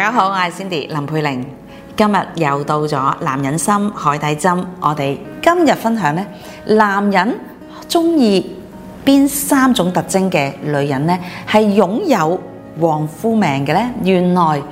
大家好，我係 Cindy 林佩玲。今日又到咗男人心海底針，我哋今日分享呢，男人中意邊三種特徵嘅女人呢，係擁有旺夫命嘅呢？原來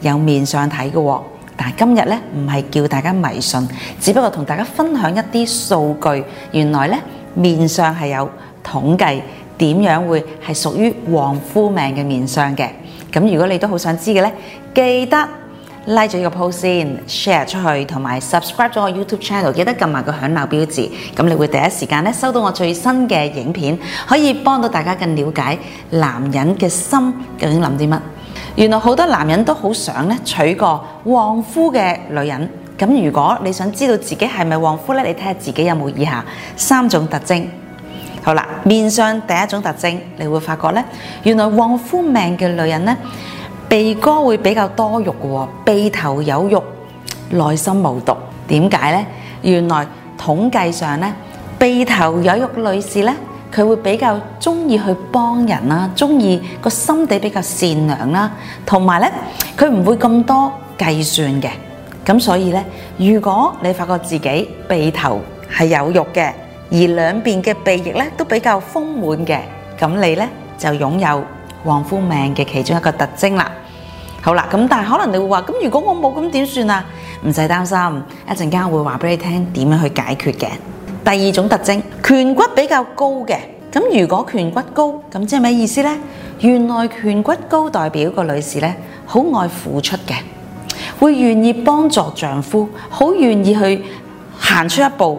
有面相睇嘅，但係今日呢唔係叫大家迷信，只不過同大家分享一啲數據。原來呢面相係有統計點樣會係屬於旺夫命嘅面相嘅。咁如果你都好想知嘅咧，記得 like 咗呢個 post 先，share 出去，同埋 subscribe 咗我 YouTube channel，記得撳埋個響鬧標誌，咁你會第一時間咧收到我最新嘅影片，可以幫到大家更了解男人嘅心究竟諗啲乜。原來好多男人都好想咧娶個旺夫嘅女人。咁如果你想知道自己係咪旺夫咧，你睇下自己有冇以下三種特徵。好啦，面上第一種特徵，你會發覺咧，原來旺夫命嘅女人咧，鼻哥會比較多肉、哦，鼻頭有肉，內心無毒。點解咧？原來統計上咧，鼻頭有肉嘅女士咧，佢會比較中意去幫人啦、啊，中意個心地比較善良啦、啊，同埋咧，佢唔會咁多計算嘅。咁所以咧，如果你發覺自己鼻頭係有肉嘅，而兩邊嘅鼻翼咧都比較豐滿嘅，咁你咧就擁有旺夫命嘅其中一個特徵啦。好啦，咁但係可能你會話，咁如果我冇咁點算啊？唔使擔心，一陣間我會話俾你聽點樣去解決嘅。第二種特徵，顴骨比較高嘅，咁如果顴骨高，咁即係咩意思咧？原來顴骨高代表個女士咧好愛付出嘅，會願意幫助丈夫，好願意去行出一步。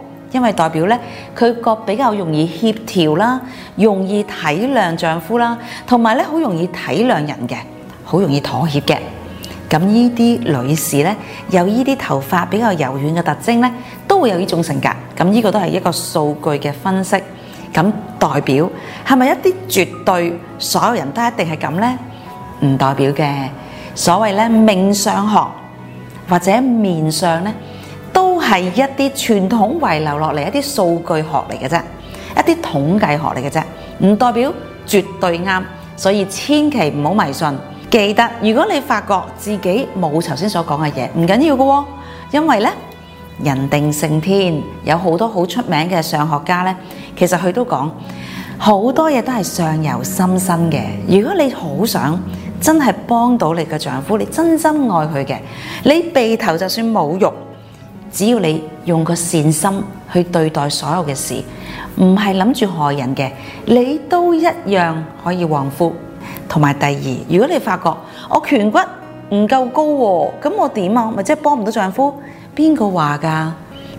因為代表咧，佢個比較容易協調啦，容易體諒丈夫啦，同埋咧好容易體諒人嘅，好容易妥協嘅。咁呢啲女士咧，有呢啲頭髮比較柔軟嘅特徵咧，都會有呢種性格。咁呢個都係一個數據嘅分析。咁代表係咪一啲絕對所有人都一定係咁呢？唔代表嘅。所謂咧，命相學或者面相咧，係一啲傳統遺留落嚟，一啲數據學嚟嘅啫，一啲統計學嚟嘅啫，唔代表絕對啱，所以千祈唔好迷信。記得，如果你發覺自己冇頭先所講嘅嘢，唔緊要㗎，因為呢，人定勝天，有好多好出名嘅上學家呢，其實佢都講好多嘢都係上游心生嘅。如果你好想真係幫到你嘅丈夫，你真心愛佢嘅，你鼻頭就算冇肉。只要你用個善心去對待所有嘅事，唔係諗住害人嘅，你都一樣可以旺夫。同埋第二，如果你發覺我顴骨唔夠高喎，咁我點啊？或者係幫唔到丈夫？邊個話㗎？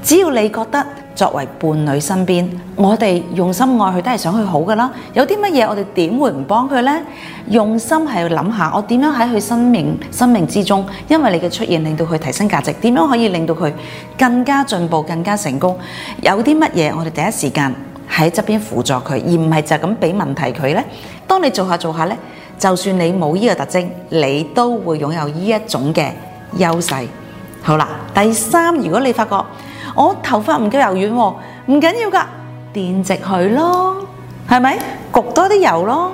只要你覺得。作為伴侶身邊，我哋用心愛佢都係想佢好㗎啦。有啲乜嘢我哋點會唔幫佢呢？用心係要諗下，我點樣喺佢生命生命之中，因為你嘅出現令到佢提升價值，點樣可以令到佢更加進步、更加成功？有啲乜嘢我哋第一時間喺側邊輔助佢，而唔係就咁俾問題佢呢？當你做下做下呢，就算你冇呢個特徵，你都會擁有呢一種嘅優勢。好啦，第三，如果你發覺，我頭髮唔夠柔軟喎，唔緊要噶，電直佢咯，係咪焗多啲油咯？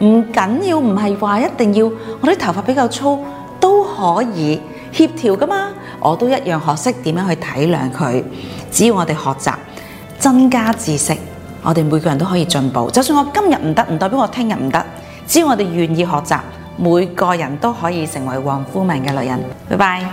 唔緊要，唔係話一定要。我啲頭髮比較粗都可以協調噶嘛，我都一樣學識點樣去體諒佢。只要我哋學習增加知識，我哋每個人都可以進步。就算我今日唔得，唔代表我聽日唔得。只要我哋願意學習，每個人都可以成為旺夫命嘅女人。拜拜。